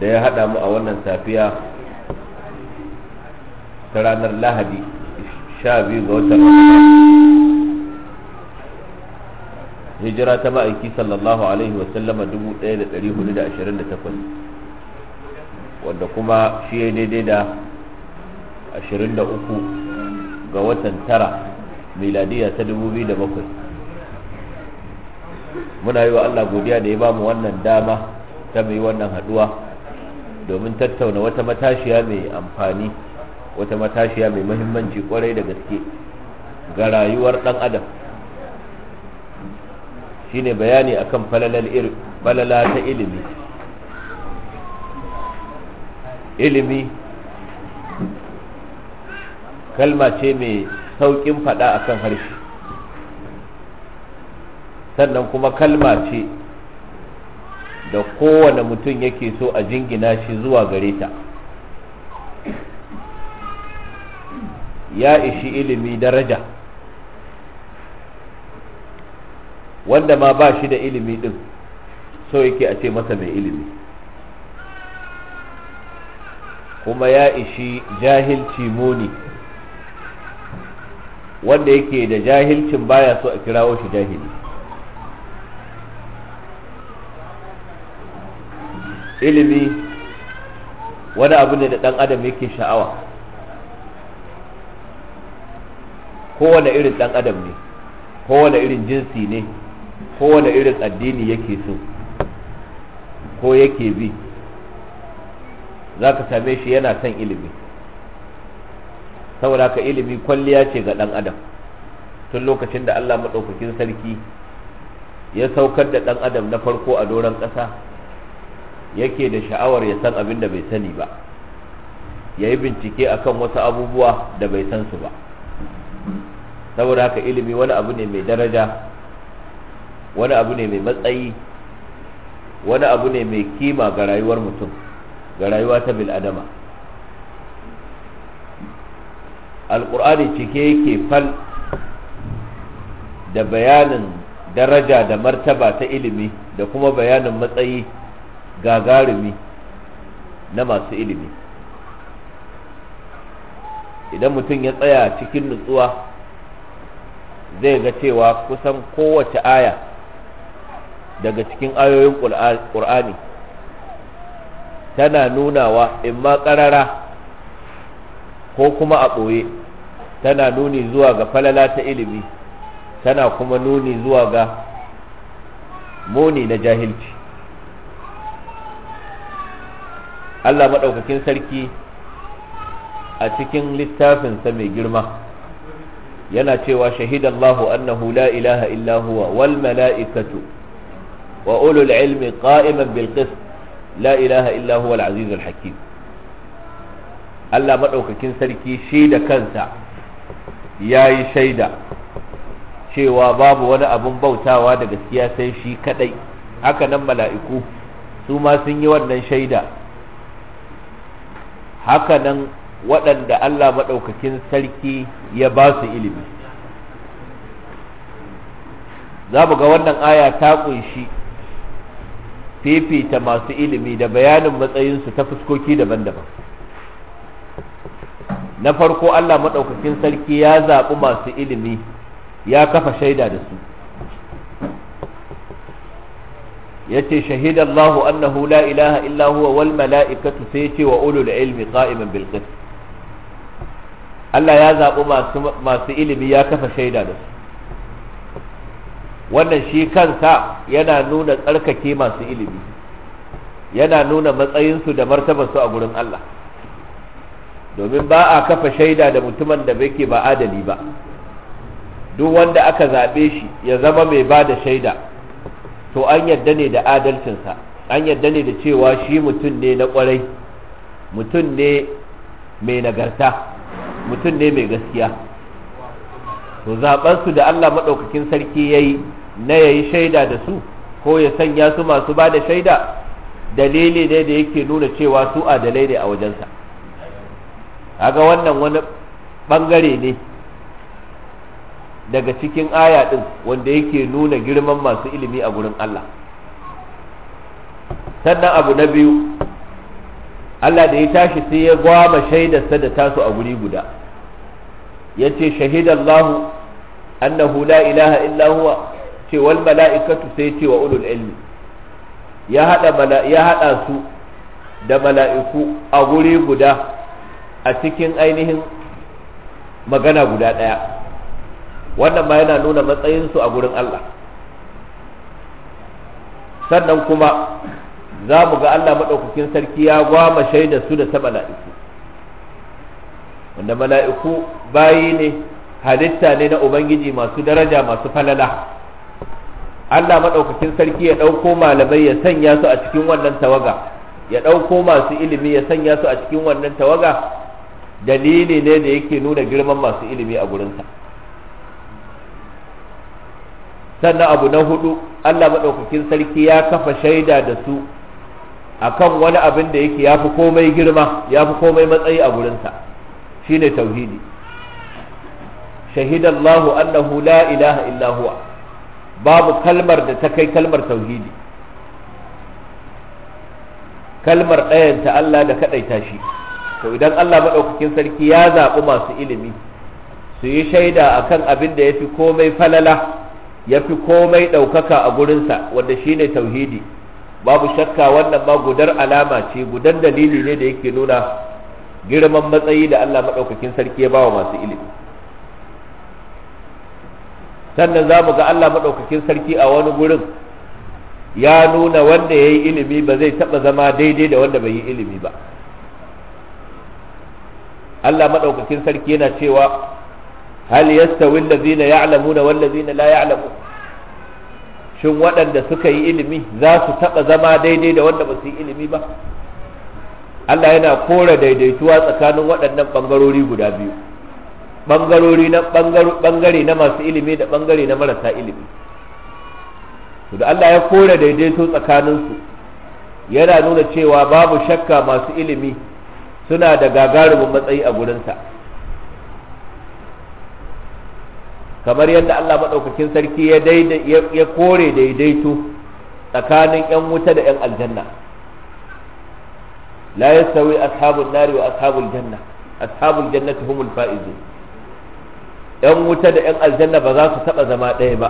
da ya haɗa mu a wannan safiya ta ranar lahadi sha biyu ga watan hijira ta ma'aiki sallallahu alaihi da 1428 wanda kuma shi ya daidai da 23 ga watan tara miladiya ta 2007 muna yi wa allah godiya da ya bamu wannan dama ta mai wannan haduwa domin tattauna wata matashiya mai amfani wata matashiya mai mahimmanci kwarai da gaske ga rayuwar dan adam shine bayani akan falala ta ilimi ilimi kalma ce mai saukin fada akan harshe sannan kuma kalma ce da kowane mutum yake so a jingina shi zuwa gare ta ya ishi ilimi daraja wanda ma ba shi da ilimi din so yake a ce masa mai ilimi kuma ya ishi jahilci muni wanda yake da jahilcin baya so a kirawo shi jahili ilimi wani abu ne da ɗan adam yake sha'awa kowane irin ɗan adam ne kowane irin jinsi ne kowane irin addini yake so ko yake bi za ka same shi yana son ilimi saboda ka ilimi kwalliya ce ga ɗan adam tun lokacin da allah maɗaukakin sarki ya saukar da ɗan adam na farko a doron ƙasa yake da sha'awar ya san abin da bai sani ba ya yi bincike a kan wasu abubuwa da bai san su ba saboda haka ilimi wani abu ne mai daraja wani abu ne mai matsayi wani abu ne mai kima ga rayuwar mutum ga rayuwa ta bil'adama alƙur'ani cike yake fal da bayanin daraja da martaba ta ilimi da kuma bayanin matsayi gagarumi na masu ilimi idan mutum ya tsaya cikin nutsuwa zai ga cewa kusan kowace aya daga cikin ayoyin ƙur'ani tana nunawa in ma ƙarara ko kuma a ɓoye tana nuni zuwa ga falala ta ilimi tana kuma nuni zuwa ga muni na jahilci Allah maɗaukakin sarki a cikin littafinsa mai girma yana cewa shahida Allahu annahu la ilaha illa huwa wal mala'ikatu wa ulul ilmi qa'iman bil qist la ilaha illa huwa al aziz al hakim Allah maɗaukakin sarki shi da kansa ya yi shaida cewa babu wani abin bautawa da gaskiya sai shi kadai haka nan mala'iku su ma sun yi wannan shaida haka nan waɗanda Allah maɗaukakin sarki ya ba su ilimi za mu ga wannan aya ta ƙunshi fifita masu ilimi da bayanin matsayinsu ta fuskoki daban-daban na farko Allah maɗaukakin sarki ya zaɓi masu ilimi ya kafa shaida da su yace shahida Allahu annahu la ilaha illa huwa wal mala'ikatu sai ce wa ulul ilmi qa'iman bil qist Allah ya zabi masu masu ilimi ya kafa shaida da su wannan shi kansa yana nuna tsarkake masu ilimi yana nuna matsayinsu da martabarsu a gurin Allah domin ba a kafa shaida da mutumin da yake ba adali ba duk wanda aka zaɓe shi ya zama mai ba da shaida to an yadda ne da adalcinsa an yadda ne da cewa shi mutum ne na kwarai mutum ne mai nagarta mutum ne mai gaskiya to zaɓensu da Allah maɗaukakin sarki ya yi na ya yi shaida da su ko ya sanya su masu ba da shaida dalili ne da yake nuna cewa su adalai ne a wajensa kaga wannan wani ɓangare ne daga cikin aya din wanda yake nuna girman masu ilimi a gurin Allah sannan abu na biyu Allah da ya tashi sai ya gwama shaidarsa da tasu a guri guda ya ce shahidallahu annahu la ilaha illa huwa ce wal mala'ikatu sai ce wa ulul ilmi ya hada ya hada su da mala'iku a guri guda a cikin ainihin magana guda ɗaya. wannan ma yana nuna matsayin su a gurin Allah sannan kuma za mu ga Allah maɗaukakin sarki ya gwama shaida su da ta mala'iku wanda mala'iku bayi ne halitta ne na Ubangiji masu daraja masu falala Allah maɗaukakin sarki ya ɗauko malamai ya sanya su a cikin wannan tawaga ya ɗauko masu ilimi ya sanya su a cikin wannan tawaga dalili ne da yake nuna girman masu ilimi a gurinsa. sannan abu na hudu Allah maɗaukakin sarki ya kafa shaida da su akan wani abin da yake fi komai girma ya fi komai matsayi a gurinsa ne tauhidi shahida Allahu annahu la ilaha illa huwa babu kalmar da ta kai kalmar tauhidi kalmar ɗayanta Allah da kaɗaita shi to idan Allah maɗaukakin sarki ya zaɓi masu ilimi su yi shaida a kan abin da ya fi komai falala ya fi komai ɗaukaka a gurinsa wanda shi ne tauhidi babu shakka wannan ma gudar alama ce gudan dalili ne da yake nuna girman matsayi da Allah maɗaukakin sarki ya bawa masu ilimi sannan za mu ga Allah maɗaukakin sarki a wani gurin ya nuna wanda ya yi ilimi ba zai taɓa zama daidai da wanda bai yi ilimi ba Allah maɗaukakin sarki yana cewa hal yastawi allazina ya'lamuna wal ladzina la ya'lamun shin waɗanda suka yi ilimi za su taɓa zama daidai da wanda ba su yi ilimi ba Allah yana kora daidaituwa tsakanin waɗannan ɓangarori guda biyu ɓangarori na ɓangare na masu ilimi da ɓangare na marasa ilimi to da Allah ya kora daidaito tsakaninsu yana nuna cewa babu shakka masu ilimi suna da gagarumin matsayi a gurinsa kamar yadda Allah madaukakin sarki ya daida ya kore daidaito tsakanin yan wuta da yan aljanna la yastawi ashabun nari wa ashabul janna ashabul jannati humul fa’izu yan wuta da yan aljanna ba za su taba zama ɗaya ba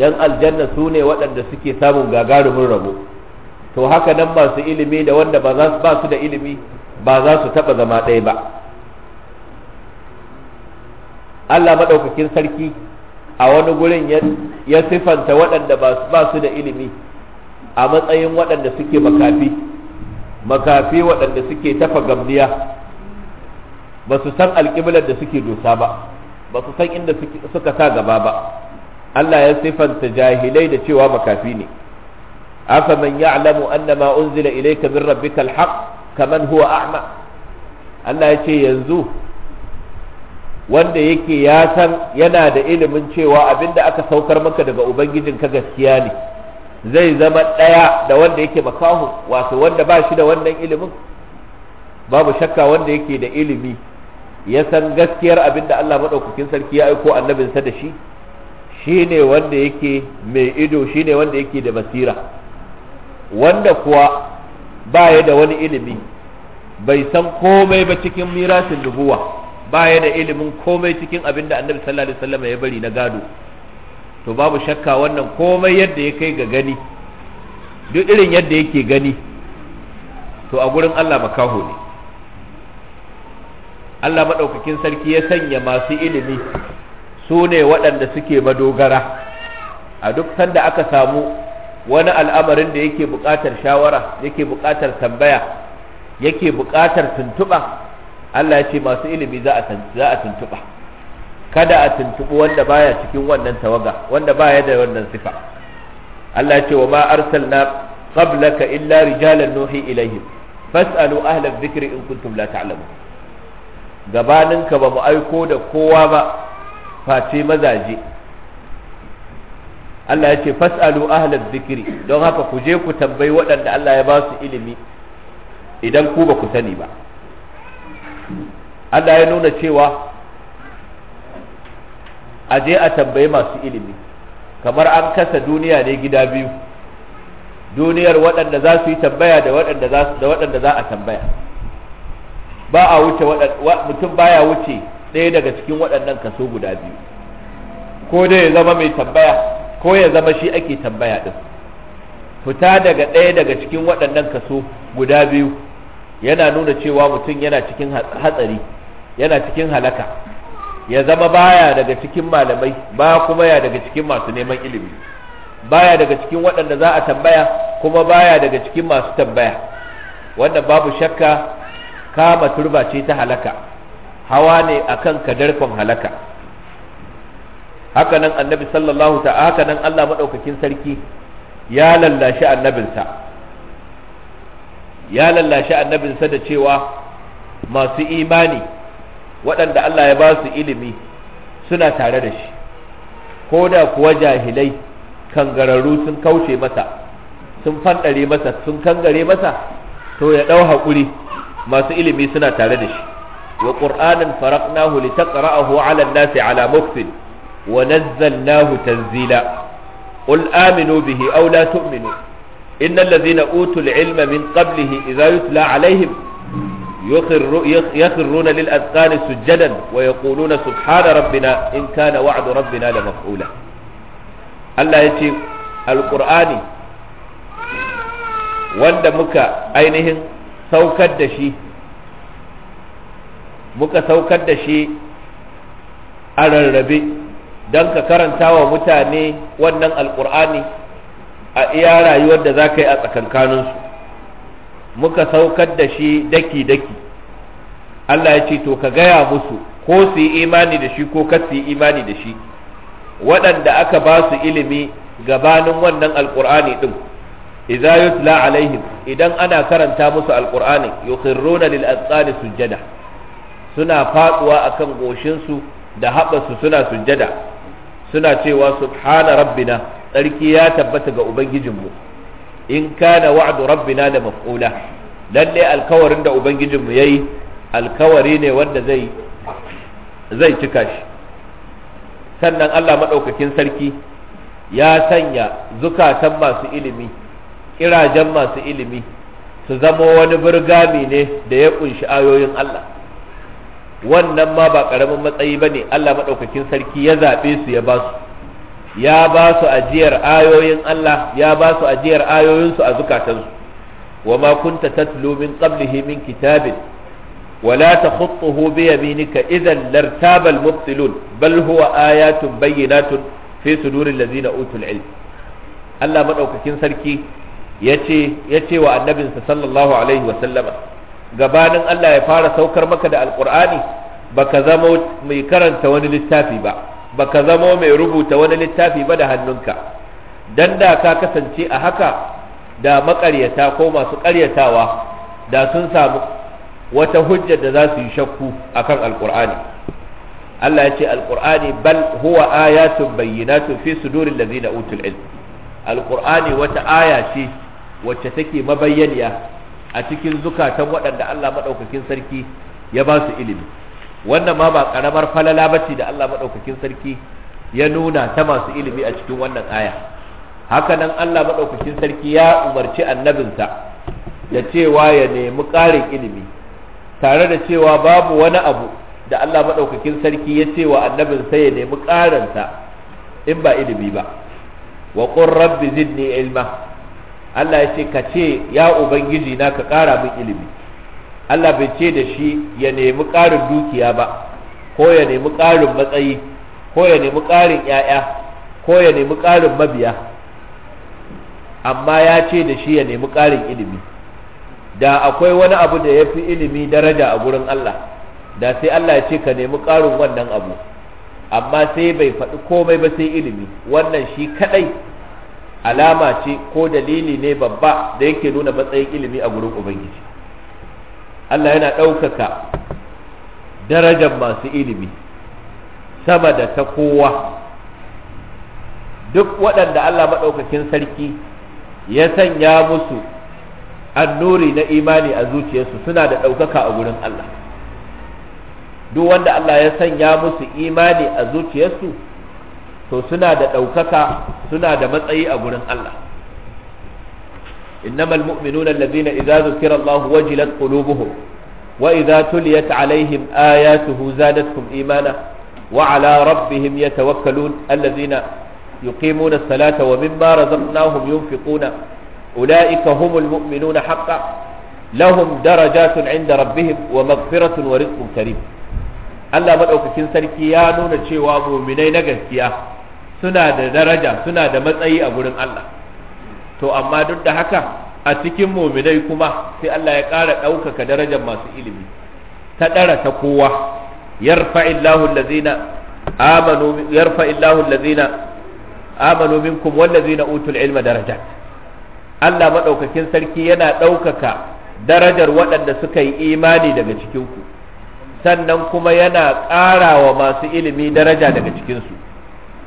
yan aljanna su ne waɗanda suke samun gagarumin rabo to haka nan masu ilimi da wanda ba su da ilimi ba za su taba zama ɗaya ba Allah madaukakin sarki a wani gurin ya sifanta waɗanda ba su da ilimi a matsayin waɗanda suke makafi makafi waɗanda suke tafa gamniya ba su san alƙiblar da suke dosa ba ba su san inda suka sa gaba ba Allah ya sifanta jahilai da cewa makafi ne afa man ya'lamu annama unzila ilayka min rabbikal haqq kaman huwa a'ma Allah ya ce yanzu wanda yake ya san yana da ilimin cewa abinda aka saukar maka daga ubangijinka gaskiya ne zai zama ɗaya da wanda yake makahu wato wanda ba shi da wannan ilimin babu shakka wanda yake da ilimi ya san gaskiyar abinda Allah maɗaukakin sarki ya aiko annabinsa da shi shi ne wanda yake mai ido shi ne wanda yake da basira wanda kuwa baya da wani ilimi bai san komai ba cikin mirasin nubuwa baya da ilimin komai cikin abin da annabi sallallahu alaihi wasallam ya bari na gado to babu shakka wannan komai yadda ya kai ga gani duk irin yadda yake gani to a gurin Allah makaho ne Allah maɗaukakin sarki ya sanya masu ilimi su ne waɗanda suke madogara a duk sanda aka samu wani al'amarin da yake buƙatar shawara yake buƙatar tambaya yake buƙatar tuntuɓa Allah ya ce masu ilimi za a tuntuɓa kada a tuntuɓi wanda baya cikin wannan tawaga wanda baya da wannan sifa Allah ya ce wa ma arsalna qablaka illa rijalan nuhi ilaihim fas'alu ahla dhikri in kuntum la ta'lamun gabaninka ba mu aiko da kowa ba face mazaje Allah ya ce fas'alu ahlal zikiri don haka ku je ku tambayi waɗanda Allah ya ba su ilimi idan ku ba ku sani ba Allah ya nuna cewa a je a tambayi masu ilimi kamar an kasa duniya ne gida biyu duniyar waɗanda za su yi tambaya da waɗanda za a tambaya ba a wuce mutum baya wuce ɗaya daga cikin waɗannan kaso guda biyu ko dai ya zama mai tambaya ko ya zama shi ake tambaya ɗin fita daga ɗaya daga cikin waɗannan kaso guda biyu yana nuna cewa mutum yana cikin hatsari yana cikin halaka ya zama baya daga cikin malamai ba kuma ya daga cikin masu neman ilimi baya daga cikin waɗanda za a tambaya kuma baya daga cikin masu tambaya wanda babu shakka kama turba ce ta halaka hawa ne akan kadarkon halaka hakanan annabi sallallahu ta'ala hakanan Allah madaukakin sarki ya lallashi annabinsa ya lallashi annabinsa da cewa masu imani waɗanda Allah ya ba su ilimi suna tare da shi ko da kuwa jahilai kangararru sun kauce masa sun fanɗare masa sun kangare masa to ya ɗau haƙuri masu ilimi suna tare da shi wa ƙur'anin faraknahu litaqra'ahu 'ala an-nasi 'ala mukfin wa nazzalnahu tanzila qul aminu bihi aw la tu'minu innal ladzina utul ilma min qablihi idza yutla alaihim يخرون للأذقان سجدا ويقولون سبحان ربنا إن كان وعد ربنا لمفعولا Allah ya ce alƙur'ani wanda muka ainihin da muka saukar da shi a rarrabe don ka karanta wa mutane wannan alƙur'ani a iya rayuwar da za ka yi a tsakankaninsu muka saukar da shi daki-daki Allah ya ce to ka gaya musu ko su yi imani da shi ko kar su yi imani da shi waɗanda aka ba su ilimi gabanin wannan alkur'ani ɗin idza yutla alaihim idan ana karanta musu alkur'ani rona lil azqani sujjada suna faduwa akan goshin su da su suna sujjada suna cewa subhana rabbina tsarki ya tabbata ga ubangijinmu in kana rabbi na da maf'ula lalle alkawarin da ubangijinmu yayi alkawari ne wanda zai cika shi sannan Allah maɗaukakin sarki ya sanya zukatan masu ilimi ƙirajen masu ilimi su zama wani burgami ne da ya ƙunshi ayoyin Allah wannan ma ba ƙaramin matsayi ba ne Allah maɗaukakin sarki ya zaɓe su ya ba su ya ba su ajiyar ayoyin Allah ya ba su ajiyar ayoyinsu a zukatansu wa makunta kunta tatlu min qablihi min kitabin wa la takhutuhu bi yaminika idan lartabal mubtilun bal huwa ayatun bayyinatun fi suduril ladina utul ilm Allah madaukakin sarki yace yace wa annabinsa sallallahu alaihi wa sallama gabanin Allah ya fara saukar maka da alqur'ani baka zama mai karanta wani littafi ba baka zama mai rubuta wani littafi ba da hannunka dan da ka kasance a haka da makaryata ko masu karyatawa da sun samu wata hujja da za su yi shakku a akan alqur'ani Allah ya ce alqur'ani bal huwa ayatun bayyinatun fi suduril ladina utul ilm alqur'ani wata aya ce wacce take mabayyaniya a cikin zukatan waɗanda Allah madaukakin sarki ya ba su ilimi wannan ma ba karamar falala bace da Allah madaukakin sarki ya nuna ta masu ilimi a cikin wannan aya haka nan Allah madaukakin sarki ya umarci annabinsa da cewa ya nemi ƙarin ilimi tare da cewa babu wani abu da Allah madaukakin sarki ya ce wa annabinsa ya nemi ta in ba ilimi ba wa qur rabbi zidni ilma Allah ya ce ka ce ya ubangiji na ka ƙara min ilimi Allah bai ce da shi ya nemi ƙarin dukiya ba ko ya nemi ƙarin matsayi ko ya nemi ƙarin ‘ya'ya ko ya nemi ƙarin mabiya amma ya ce da shi ya nemi ƙarin ilimi da akwai wani abu da ya fi ilimi daraja a gurin Allah da sai Allah ya ce ka nemi ƙarin wannan abu amma sai bai faɗi komai ba sai ilimi wannan shi kaɗai alama ce ko dalili ne babba da yake nuna matsayin ilimi a gurin Ubangiji Allah yana ɗaukaka darajar masu ilimi sama da ta kowa duk waɗanda Allah maɗaukakin sarki ya sanya musu annuri na imani a zuciyarsu suna da ɗaukaka a gurin Allah duk wanda Allah ya sanya musu imani a zuciyarsu to suna da ɗaukaka suna da matsayi a gurin Allah إنما المؤمنون الذين إذا ذكر الله وجلت قلوبهم وإذا تليت عليهم آياته زادتهم إيمانا وعلى ربهم يتوكلون الذين يقيمون الصلاة ومما رزقناهم ينفقون أولئك هم المؤمنون حقا لهم درجات عند ربهم ومغفرة ورزق كريم Allah maɗaukakin sarki ya nuna cewa muminai na gaskiya suna da daraja suna da matsayi a gurin Allah to amma duk da haka a cikin muminai kuma sai Allah ya ƙara ɗaukaka darajar masu ilimi ta ɗara ta kowa yarfa'illahu allazina amanu yarfa'illahu allazina amanu minkum wallazina utul ilma darajat Allah maɗaukakin sarki yana ɗaukaka darajar waɗanda suka yi imani daga cikinku sannan kuma yana ƙara wa masu ilimi daraja daga cikinsu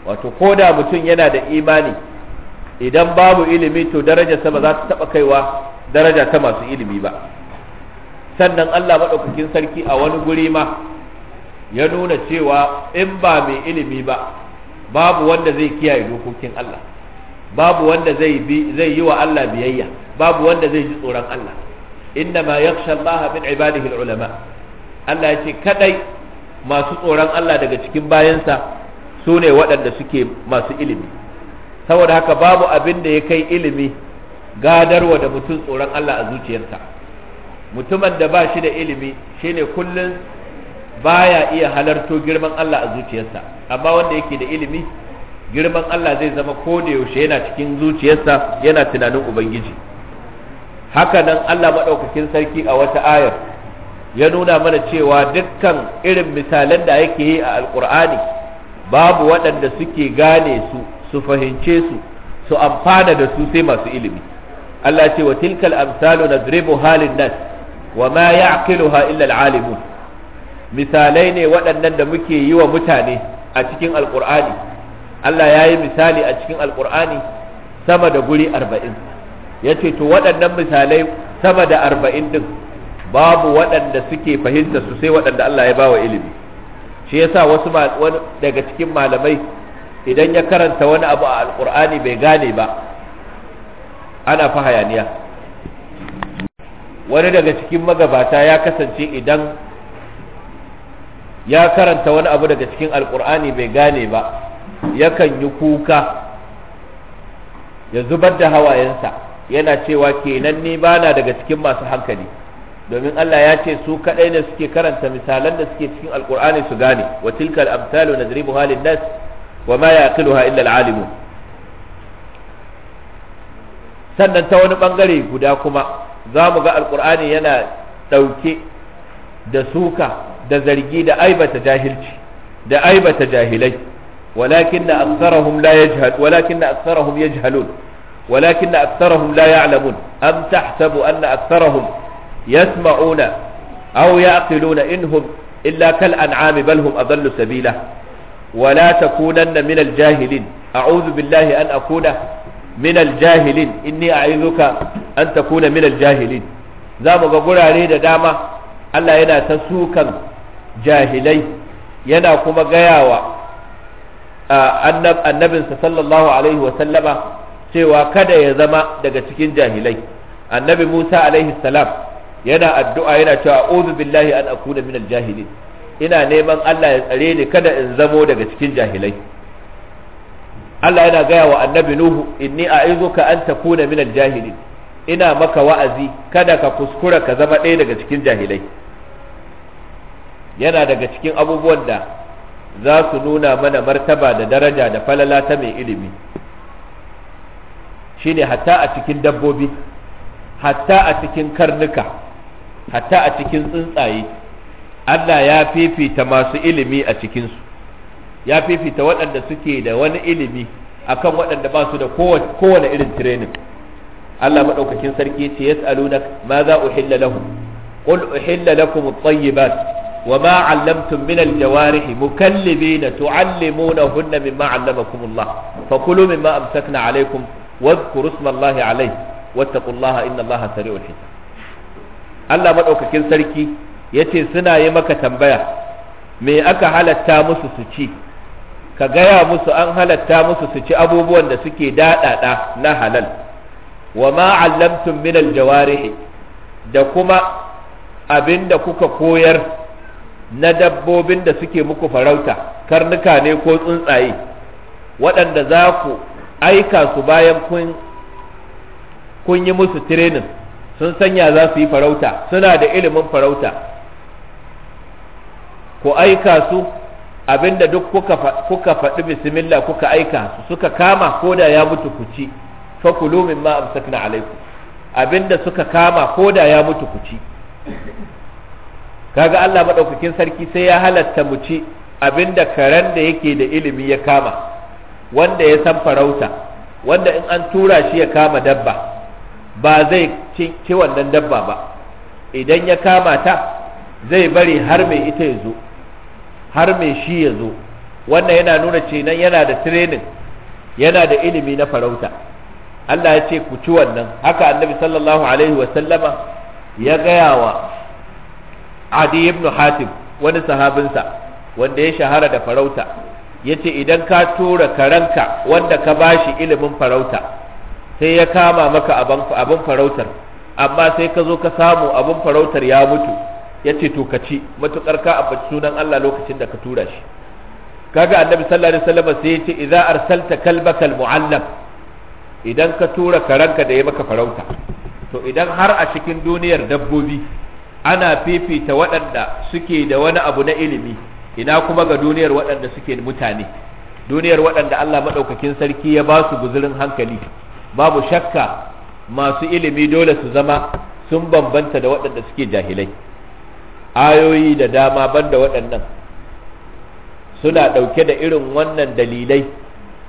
wato ko da mutum yana da imani idan babu ilimi to sa ba za ta taba kaiwa daraja ta masu ilimi ba sannan Allah maɗaukakin sarki a wani guri ma ya nuna cewa in ba mai ilimi ba babu wanda zai kiyaye dokokin Allah babu wanda zai bi zai yi wa Allah biyayya babu wanda zai ji tsoron Allah inna ma yakhsha Allah min ibadihi ulama Allah ya kadai masu tsoron Allah daga cikin bayansa sune waɗanda suke masu ilimi saboda haka babu abin da ya kai ilimi gadarwa da mutum tsoron Allah a zuciyarsa mutumin da ba shi da ilimi shine kullum baya iya halarto girman Allah a zuciyarsa amma wanda yake da ilimi girman Allah zai zama ko da yaushe yana cikin zuciyarsa yana tunanin ubangiji haka nan Allah maɗaukakin sarki a wata ayar ya nuna mana cewa dukkan irin misalan da yake yi a alkur'ani babu waɗanda suke gane su su fahimce su su amfana da su sai masu ilimi Allah ce wa tilkal amsalu nadribu halin nas wa ma ya'qiluha illa al'alimun misalai ne waɗannan da muke yi wa mutane a cikin alqur'ani Allah ya yi misali a cikin alqur'ani sama da guri arba'in ya ce to waɗannan misalai sama da arba'in din babu waɗanda suke fahimta su sai waɗanda Allah ya bawa ilimi shi yasa wasu daga cikin malamai idan ya karanta wani abu a alkur'ani bai gane ba ana fa hayaniya wani daga cikin magabata ya kasance idan ya karanta wani abu daga cikin alkur'ani bai gane ba yakan yi kuka ya zubar da hawayensa yana cewa kenan ni bana daga cikin masu hankali domin Allah ya ce su kadai ne suke karanta misalan da suke cikin alkur'ani su gane wa tilkal amsalu nadribu halin nas wa ma yaqiluha illa al sannan ta wani bangare guda kuma za mu ga alkur'ani yana ɗauke da suka da zargi da aibata jahilci da aibata jahilai walakin na aksarahum la yajhal walakin na aksarahum yajhalun walakin na aksarahum la ya'lamun am tahsabu anna aksarahum yasma'una aw in hum illa kal an'ami bal hum adallu sabila wala takunanna minal jahilin a'udhu billahi an akuna minal jahilin inni a'izuka an takuna minal jahilin za mu ga gurare da dama Allah yana ta sukan jahilai yana kuma gayawa annabinsa sallallahu alaihi wa sallama cewa kada ya zama daga cikin jahilai annabi Musa alaihi salam yana addu'a yana cewa a'udhu billahi an akuna minal jahilin ina neman Allah ya tsare ni kada in zamo daga cikin jahilai Allah yana gaya wa annabi Nuhu inni a'izuka an takuna minal jahilin ina maka wa'azi kada ka kuskura ka zama ɗaya daga cikin jahilai yana daga cikin abubuwan da za su nuna mana martaba da daraja da falala ta mai ilimi shine hatta a cikin dabbobi hatta a cikin karnuka hatta a cikin tsuntsaye Allah ya fifita masu ilimi a cikinsu ya fifita waɗanda suke da wani ilimi akan waɗanda ba su da kowane irin tirenin Allah maɗaukakin sarki ce yas'aluna ma za uhilla lahum qul uhilla lakum at-tayyibat wa ma 'allamtum min al-jawarihi mukallibina tu'allimunahunna mimma 'allamakum Allah fakulu mimma amsakna 'alaykum wadhkuru isma Allah 'alayhi wattaqullaha inna Allah sari'ul hisab Allah maɗaukakin sarki yace suna yi maka tambaya me aka halatta musu su ci ka gaya musu an halatta musu su ci abubuwan da suke daɗaɗa na halal wa ma allamtum min aljawarihi da kuma abinda kuka koyar na dabbobin da suke muku farauta karnuka ne ko tsuntsaye waɗanda za ku aika su bayan kun kun yi musu training sun sanya za su yi farauta suna da ilimin farauta ku aika su abinda duk kuka kuka faɗi bismillah kuka aika su suka kama koda ya mutu ku ci fa kulu mimma amsakna alaikum abinda suka kama koda ya mutu ku ci kaga Allah madaukakin sarki sai ya halatta mu ci abinda karen da yake da ilimi ya kama wanda ya san farauta wanda in an tura shi ya kama dabba ba zai ci wannan dabba ba idan ya kama ta zai bari har mai ita ya zo har mai shi ya zo wannan yana nuna ce nan yana da training yana da ilimi na farauta Allah ya ce ku ci wannan haka annabi sallallahu alaihi wa sallama ya gaya wa Adi ibn Hatim wani sahabinsa wanda ya shahara da farauta ya ce idan ka tura karanka wanda ka ba shi ilimin farauta sai ya kama maka abin farautar amma sai ka zo ka samu abin farautar ya mutu ya ce to ka ci matuƙar ka ambaci sunan Allah lokacin da ka tura shi kaga annabi sallallahu alaihi wasallam sai ya ce idza arsalta kalbaka almuallam idan ka tura karanka da ya maka farauta to idan har a cikin duniyar dabbobi ana fifita waɗanda suke da wani abu na ilimi ina kuma ga duniyar waɗanda suke mutane duniyar waɗanda Allah maɗaukakin sarki ya ba su guzurin hankali babu shakka masu ilimi dole su zama sun bambanta da waɗanda suke jahilai ayoyi da dama banda waɗannan suna ɗauke da irin wannan dalilai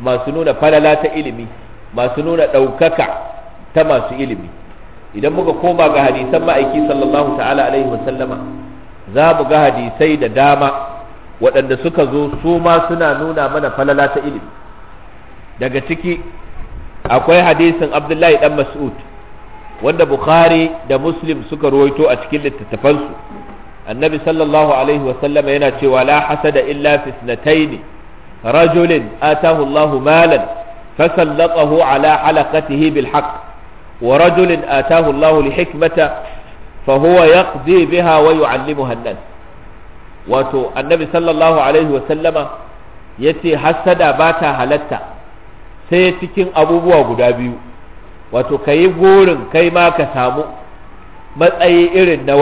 masu nuna falala ta ilimi masu nuna ɗaukaka ta masu ilimi idan muka koma ga hadisan ma'aiki sallallahu ta'ala alaihi wasallama za mu ga hadisai da dama waɗanda suka zo su ma suna nuna mana falala ta ilimi daga ciki akwai hadisin abdullahi ɗan mas'ud wanda bukhari da muslim suka ruwaito a cikin littattafansu annabi sallallahu alaihi wasallama yana cewa la hasada illa fitnatayn rajulin atahu Allah malan fasallatahu ala halaqatihi bil haqq wa rajulin atahu Allah li hikmata fa huwa yaqdi biha wa yu'allimuha an-nas wato annabi sallallahu alaihi wasallama yace hasada bata ta halatta sai cikin abubuwa guda biyu wato kayi burin kai ma ka samu matsayi irin na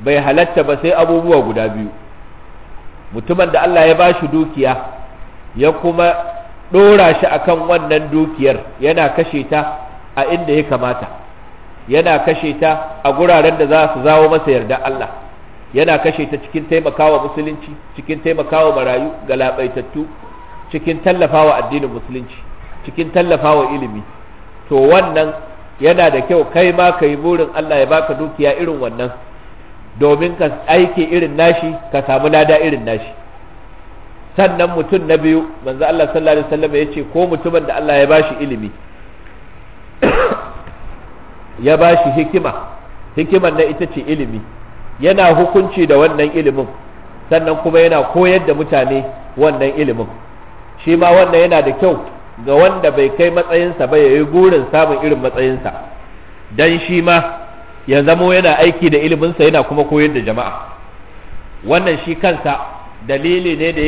bai halatta ba sai abubuwa guda biyu mutumin da Allah ya ba shi dukiya ya kuma ɗora shi akan wannan dukiyar yana kashe ta a inda ya kamata yana kashe ta a guraren da za su zawo masa yarda Allah yana kashe ta cikin taimakawa musulunci cikin taimakawa marayu ga labaitattu, cikin tallafawa addinin musulunci cikin tallafawa ilimi to wannan yana da kyau kai ma ka yi burin Allah ya baka dukiya irin wannan domin ka aiki irin nashi ka samu lada irin nashi sannan mutum na biyu manzo Allah sallallahu alaihi wasallam ya ce ko mutumin da Allah ya bashi ilimi ya bashi hikima hikiman na ita ce ilimi yana hukunci da wannan ilimin sannan kuma yana koyar da mutane wannan ilimin shi ma wannan yana da kyau ga wanda bai kai matsayinsa ba ya yi gurin samun irin matsayinsa dan shi ma ya zamo yana aiki da ilminsa yana kuma koyar da jama'a wannan shi kansa dalili ne da